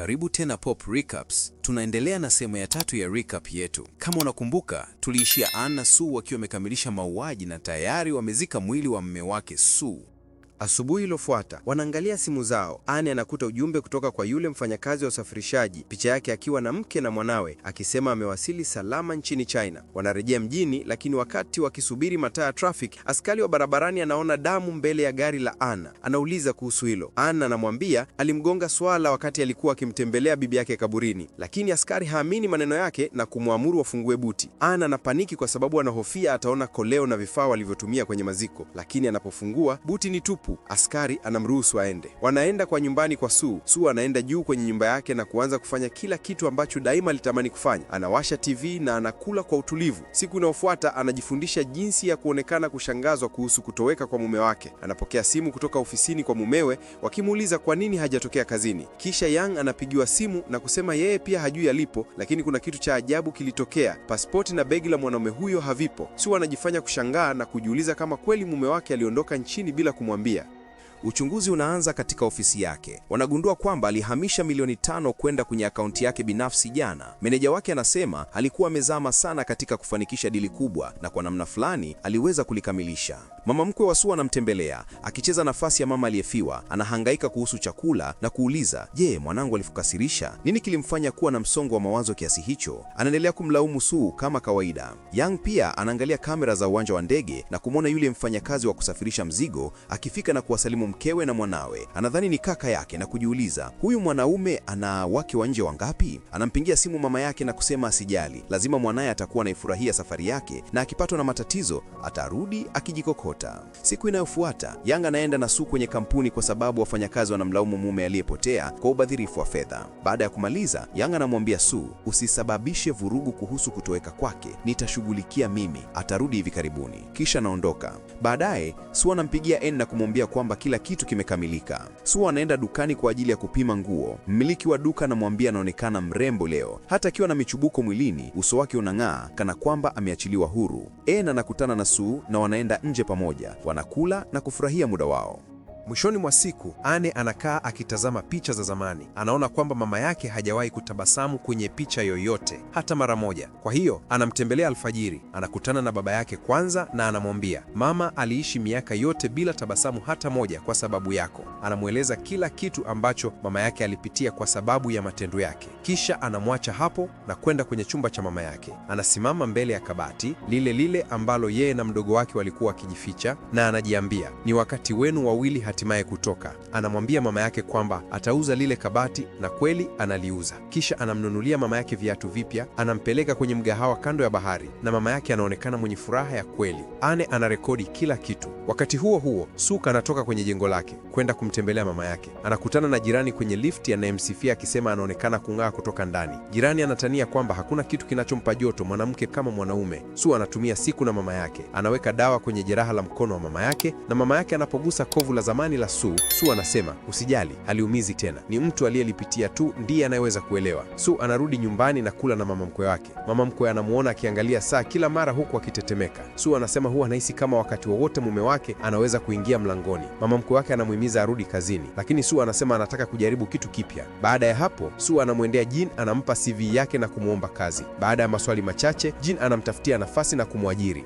Karibu tena Pop Recaps. Tunaendelea na sehemu ya tatu ya recap yetu. Kama unakumbuka, tuliishia Ann na Sue wakiwa wamekamilisha mauaji na tayari wamezika mwili wa mume wake Sue. Asubuhi iliyofuata wanaangalia simu zao. Anne anakuta ujumbe kutoka kwa yule mfanyakazi wa usafirishaji, picha yake akiwa na mke na mwanawe akisema amewasili salama nchini China. Wanarejea mjini, lakini wakati wakisubiri mataa ya traffic, askari wa barabarani anaona damu mbele ya gari la Anna. Anauliza kuhusu hilo, Anna anamwambia alimgonga swala wakati alikuwa akimtembelea bibi yake kaburini, lakini askari haamini maneno yake na kumwamuru wafungue buti. Anna anapaniki kwa sababu anahofia ataona koleo na vifaa walivyotumia kwenye maziko, lakini anapofungua buti ni tupu tupu, askari anamruhusu aende. Wanaenda kwa nyumbani kwa Sue. Sue anaenda juu kwenye nyumba yake na kuanza kufanya kila kitu ambacho daima alitamani kufanya. Anawasha TV na anakula kwa utulivu. Siku inayofuata anajifundisha jinsi ya kuonekana kushangazwa kuhusu kutoweka kwa mume wake. Anapokea simu kutoka ofisini kwa mumewe wakimuuliza kwa nini hajatokea kazini. Kisha Yang anapigiwa simu na kusema yeye pia hajui alipo, lakini kuna kitu cha ajabu kilitokea. Pasipoti na begi la mwanaume huyo havipo. Sue anajifanya kushangaa na kujiuliza kama kweli mume wake aliondoka nchini bila kumwambia. Uchunguzi unaanza katika ofisi yake. Wanagundua kwamba alihamisha milioni tano kwenda kwenye akaunti yake binafsi jana. Meneja wake anasema alikuwa amezama sana katika kufanikisha dili kubwa na kwa namna fulani aliweza kulikamilisha. Mama mkwe wa Sue anamtembelea akicheza nafasi ya mama aliyefiwa. Anahangaika kuhusu chakula na kuuliza, je, mwanangu alikukasirisha? Nini kilimfanya kuwa na msongo wa mawazo kiasi hicho? Anaendelea kumlaumu Sue kama kawaida. Yang pia anaangalia kamera za uwanja wa ndege na kumwona yule mfanyakazi wa kusafirisha mzigo akifika na kuwasalimu mkewe na mwanawe. Anadhani ni kaka yake na kujiuliza, huyu mwanaume ana wake wa nje wangapi? Anampigia simu mama yake na kusema asijali, lazima mwanaye atakuwa anaifurahia safari yake na akipatwa na matatizo atarudi akijikokoa kuokota. Siku inayofuata Yanga anaenda na Su kwenye kampuni kwa sababu wafanyakazi wanamlaumu mume aliyepotea kwa ubadhirifu wa fedha. Baada ya kumaliza, Yanga anamwambia Su, usisababishe vurugu kuhusu kutoweka kwake, nitashughulikia mimi, atarudi hivi karibuni. Kisha anaondoka. Baadaye Su anampigia N na kumwambia kwamba kila kitu kimekamilika. Su anaenda dukani kwa ajili ya kupima nguo. Mmiliki wa duka anamwambia anaonekana mrembo leo, hata akiwa na michubuko mwilini, uso wake unang'aa kana kwamba ameachiliwa huru. N anakutana na Su na wanaenda nje pamoja pamoja, wanakula na kufurahia muda wao. Mwishoni mwa siku, Anne anakaa akitazama picha za zamani. Anaona kwamba mama yake hajawahi kutabasamu kwenye picha yoyote hata mara moja. Kwa hiyo anamtembelea alfajiri, anakutana na baba yake kwanza na anamwambia, mama aliishi miaka yote bila tabasamu hata moja kwa sababu yako. Anamweleza kila kitu ambacho mama yake alipitia kwa sababu ya matendo yake, kisha anamwacha hapo na kwenda kwenye chumba cha mama yake. Anasimama mbele ya kabati lile lile ambalo yeye na mdogo wake walikuwa wakijificha, na anajiambia, ni wakati wenu wawili hatimaye kutoka. Anamwambia mama yake kwamba atauza lile kabati, na kweli analiuza. Kisha anamnunulia mama yake viatu vipya, anampeleka kwenye mgahawa kando ya bahari, na mama yake anaonekana mwenye furaha ya kweli. Anne anarekodi kila kitu. Wakati huo huo, Suk anatoka kwenye jengo lake kwenda kumtembelea mama yake. Anakutana na jirani kwenye lifti anayemsifia akisema anaonekana kung'aa kutoka ndani. Jirani anatania kwamba hakuna kitu kinachompa joto mwanamke kama mwanaume. Su anatumia siku na mama yake, anaweka dawa kwenye jeraha la mkono wa mama yake, na mama yake anapogusa kovu la zamani zamani la Su, Su anasema usijali, haliumizi tena, ni mtu aliyelipitia tu ndiye anayeweza kuelewa. Su anarudi nyumbani na kula na mama mkwe wake. Mama mkwe anamuona akiangalia saa kila mara huku akitetemeka. Su anasema huwa anahisi kama wakati wowote mume wake anaweza kuingia mlangoni. Mama mkwe wake anamuhimiza arudi kazini, lakini Su anasema anataka kujaribu kitu kipya. Baada ya hapo, Su anamwendea Jin, anampa CV yake na kumwomba kazi. Baada ya maswali machache, Jin anamtafutia nafasi na kumwajiri.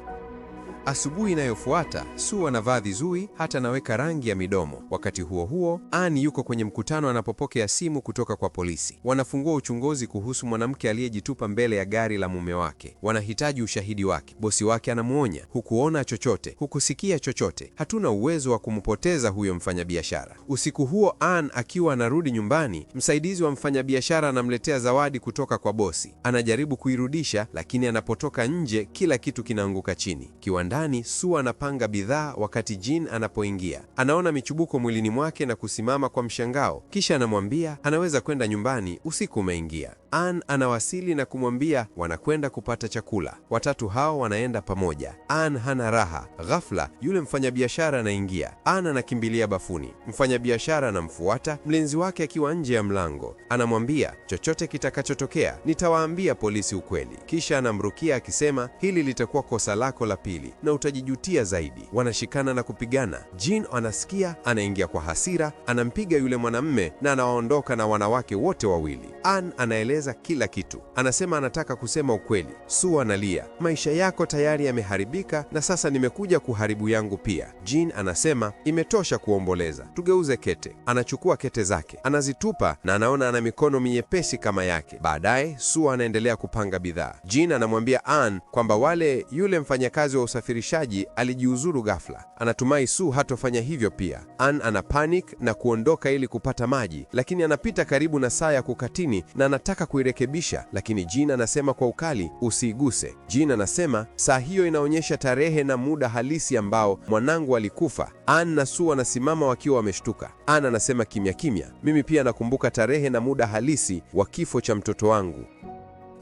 Asubuhi inayofuata Su anavaa vizuri, hata anaweka rangi ya midomo. Wakati huo huo, Ann yuko kwenye mkutano anapopokea simu kutoka kwa polisi. Wanafungua uchunguzi kuhusu mwanamke aliyejitupa mbele ya gari la mume wake. Wanahitaji ushahidi wake. Bosi wake anamwonya, hukuona chochote, hukusikia chochote, hatuna uwezo wa kumpoteza huyo mfanyabiashara. Usiku huo, Ann akiwa anarudi nyumbani, msaidizi wa mfanyabiashara anamletea zawadi kutoka kwa bosi. Anajaribu kuirudisha, lakini anapotoka nje, kila kitu kinaanguka chini. Kiwanda ndani, Sue anapanga bidhaa wakati Jean anapoingia. Anaona michubuko mwilini mwake na kusimama kwa mshangao, kisha anamwambia anaweza kwenda nyumbani, usiku umeingia. Anne anawasili na kumwambia wanakwenda kupata chakula. Watatu hao wanaenda pamoja. Anne hana raha. Ghafla yule mfanyabiashara anaingia. Anne anakimbilia bafuni, mfanyabiashara anamfuata, mlinzi wake akiwa nje ya mlango. Anamwambia chochote kitakachotokea, nitawaambia polisi ukweli. Kisha anamrukia akisema hili litakuwa kosa lako la pili na utajijutia zaidi. Wanashikana na kupigana. Jin anasikia, anaingia kwa hasira, anampiga yule mwanamme na anawaondoka na wanawake wote wawili. An anaeleza kila kitu, anasema anataka kusema ukweli. Su analia, maisha yako tayari yameharibika na sasa nimekuja kuharibu yangu pia. Jin anasema imetosha kuomboleza, tugeuze kete. Anachukua kete zake anazitupa, na anaona ana mikono minyepesi kama yake. Baadaye Su anaendelea kupanga bidhaa. Jin anamwambia An kwamba wale yule mfanyakazi wa usafiri msafirishaji alijiuzuru ghafla. Anatumai Sue hatofanya hivyo pia. Ann ana panic na kuondoka ili kupata maji, lakini anapita karibu na saa ya kukatini na anataka kuirekebisha, lakini Jean anasema kwa ukali, usiiguse. Jean anasema saa hiyo inaonyesha tarehe na muda halisi ambao mwanangu alikufa. Ann na su wanasimama wakiwa wameshtuka. Ann anasema kimya kimya, mimi pia nakumbuka tarehe na muda halisi wa kifo cha mtoto wangu.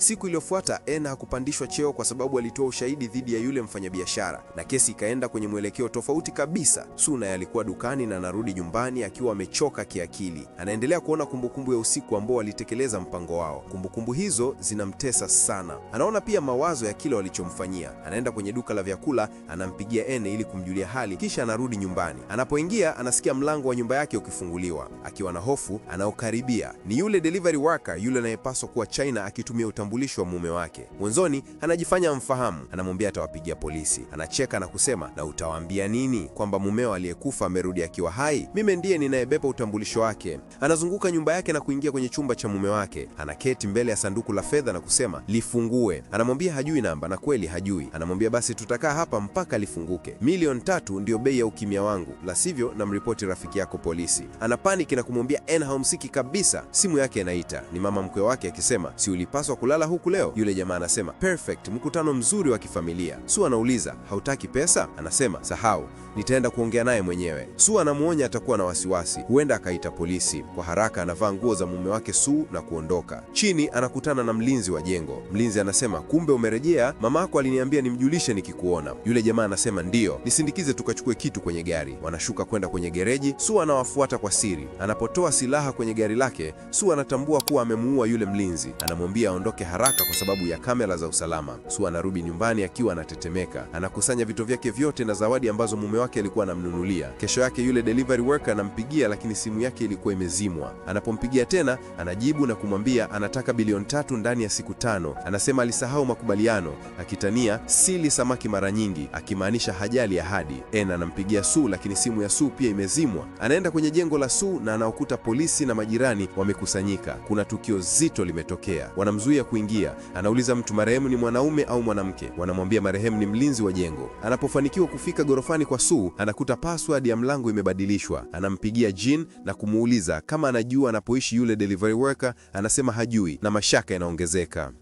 Siku iliyofuata Ena hakupandishwa cheo kwa sababu alitoa ushahidi dhidi ya yule mfanyabiashara na kesi ikaenda kwenye mwelekeo tofauti kabisa. Suna alikuwa dukani na anarudi nyumbani akiwa amechoka kiakili. Anaendelea kuona kumbukumbu ya usiku ambao walitekeleza mpango wao. Kumbukumbu hizo zinamtesa sana. Anaona pia mawazo ya kile walichomfanyia. Anaenda kwenye duka la vyakula, anampigia Ena ili kumjulia hali, kisha anarudi nyumbani. Anapoingia anasikia mlango wa nyumba yake ukifunguliwa. Akiwa na hofu, anaokaribia. Ni yule delivery worker, yule anayepaswa kuwa China akitumia utambulisho wa mume wake. Mwanzoni anajifanya mfahamu, anamwambia atawapigia polisi, anacheka na kusema, na utawaambia nini kwamba mumeo aliyekufa amerudi akiwa hai? Mimi ndiye ninayebeba utambulisho wake. Anazunguka nyumba yake na kuingia kwenye chumba cha mume wake, anaketi mbele ya sanduku la fedha na kusema lifungue. Anamwambia hajui namba, na kweli hajui. Anamwambia basi tutakaa hapa mpaka lifunguke. Milioni tatu ndio bei ya ukimya wangu, la sivyo namripoti rafiki yako polisi. Ana na kumwambia n hamsiki kabisa. Simu yake inaita, ni mama mkwe wake akisema, si ulipaswa kula kulala huku leo? Yule jamaa anasema perfect, mkutano mzuri wa kifamilia. Su anauliza hautaki pesa? Anasema sahau nitaenda kuongea naye mwenyewe. Su anamwonya atakuwa na wasiwasi, huenda akaita polisi. Kwa haraka anavaa nguo za mume wake Su na kuondoka. Chini anakutana na mlinzi wa jengo. Mlinzi anasema, kumbe umerejea, mamako aliniambia nimjulishe nikikuona. Yule jamaa anasema, ndiyo, nisindikize tukachukue kitu kwenye gari. Wanashuka kwenda kwenye gereji, Su anawafuata kwa siri. Anapotoa silaha kwenye gari lake, Su anatambua kuwa amemuua yule mlinzi. Anamwambia aondoke haraka kwa sababu ya kamera za usalama. Su anarudi nyumbani akiwa anatetemeka. Anakusanya vitu vyake vyote na zawadi ambazo mume wake alikuwa anamnunulia. Kesho yake yule delivery worker anampigia, lakini simu yake ilikuwa imezimwa. Anapompigia tena, anajibu na kumwambia anataka bilioni tatu ndani ya siku tano. Anasema alisahau makubaliano, akitania sili samaki mara nyingi, akimaanisha hajali ahadi. En anampigia Su, lakini simu ya Su pia imezimwa. Anaenda kwenye jengo la Su na anaokuta polisi na majirani wamekusanyika. Kuna tukio zito limetokea, wanamzuia kuingia. Anauliza mtu marehemu ni mwanaume au mwanamke? Wanamwambia marehemu ni mlinzi wa jengo. Anapofanikiwa kufika gorofani kwa Su, Su anakuta password ya mlango imebadilishwa. Anampigia Jin na kumuuliza kama anajua anapoishi yule delivery worker, anasema hajui na mashaka yanaongezeka.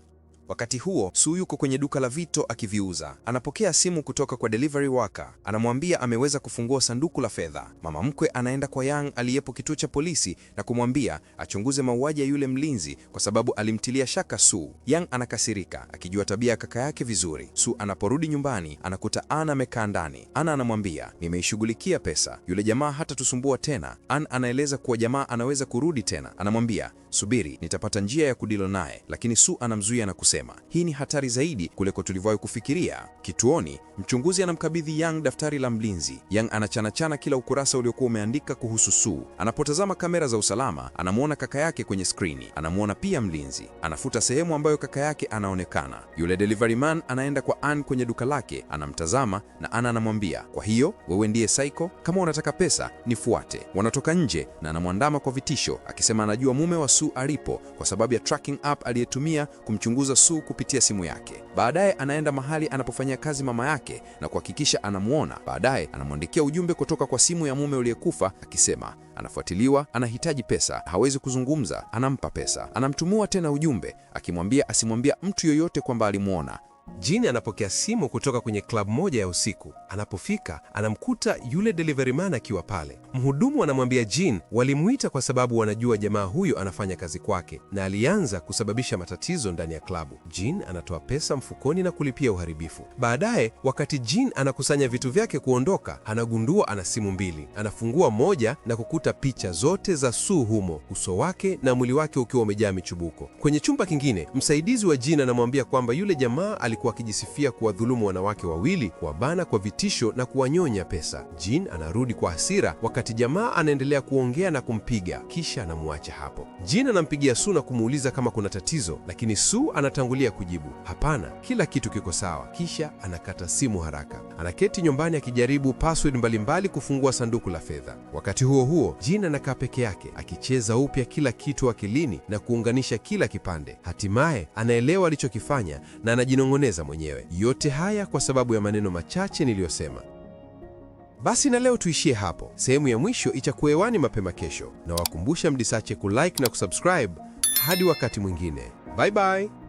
Wakati huo Su yuko kwenye duka la vito akiviuza. Anapokea simu kutoka kwa delivery worker, anamwambia ameweza kufungua sanduku la fedha. Mama mkwe anaenda kwa Yang aliyepo kituo cha polisi na kumwambia achunguze mauaji ya yule mlinzi kwa sababu alimtilia shaka Su. Yang anakasirika akijua tabia ya kaka yake vizuri. Su anaporudi nyumbani anakuta Ana amekaa ndani. Ana anamwambia nimeishughulikia pesa, yule jamaa hata tusumbua tena. An anaeleza kuwa jamaa anaweza kurudi tena. Anamwambia subiri, nitapata njia ya kudilo naye, lakini Su anamzuia na kusema anasema hii ni hatari zaidi kuliko tulivyowahi kufikiria. Kituoni, mchunguzi anamkabidhi Yang daftari la mlinzi. Yang anachanachana kila ukurasa uliokuwa umeandika kuhusu Su. Anapotazama kamera za usalama, anamwona kaka yake kwenye skrini, anamwona pia mlinzi. Anafuta sehemu ambayo kaka yake anaonekana. Yule delivery man anaenda kwa Ann kwenye duka lake, anamtazama na Ann anamwambia, kwa hiyo wewe ndiye psycho? Kama unataka pesa nifuate. Wanatoka nje na anamwandama kwa vitisho, akisema anajua mume wa Su alipo kwa sababu ya tracking app aliyetumia kumchunguza Su Yesu kupitia simu yake. Baadaye anaenda mahali anapofanyia kazi mama yake na kuhakikisha anamwona. Baadaye anamwandikia ujumbe kutoka kwa simu ya mume uliyekufa akisema anafuatiliwa, anahitaji pesa, hawezi kuzungumza. Anampa pesa, anamtumua tena ujumbe akimwambia asimwambia mtu yoyote kwamba alimwona. Jini anapokea simu kutoka kwenye klabu moja ya usiku. Anapofika anamkuta yule delivery man akiwa pale. Mhudumu anamwambia Jin walimuita kwa sababu wanajua jamaa huyo anafanya kazi kwake na alianza kusababisha matatizo ndani ya klabu. Jin anatoa pesa mfukoni na kulipia uharibifu. Baadaye, wakati Jin anakusanya vitu vyake kuondoka, anagundua ana simu mbili. Anafungua moja na kukuta picha zote za Sue humo, uso wake na mwili wake ukiwa umejaa michubuko. Kwenye chumba kingine, msaidizi wa Jin anamwambia kwamba yule jamaa ali alikuwa akijisifia kuwadhulumu wanawake wawili, kuwabana kwa vitisho na kuwanyonya pesa. Jean anarudi kwa hasira, wakati jamaa anaendelea kuongea na kumpiga, kisha anamwacha hapo. Jean anampigia Sue na kumuuliza kama kuna tatizo, lakini Sue anatangulia kujibu hapana, kila kitu kiko sawa, kisha anakata simu haraka. Anaketi nyumbani akijaribu password mbalimbali kufungua sanduku la fedha. Wakati huo huo, Jean anakaa peke yake akicheza upya kila kitu akilini na kuunganisha kila kipande. Hatimaye anaelewa alichokifanya na anajinong'oneza kujieleza mwenyewe. Yote haya kwa sababu ya maneno machache niliyosema. Basi na leo tuishie hapo. Sehemu ya mwisho itakuwa hewani mapema kesho, na wakumbusha mdisache kulike na kusubscribe. Hadi wakati mwingine, bye bye.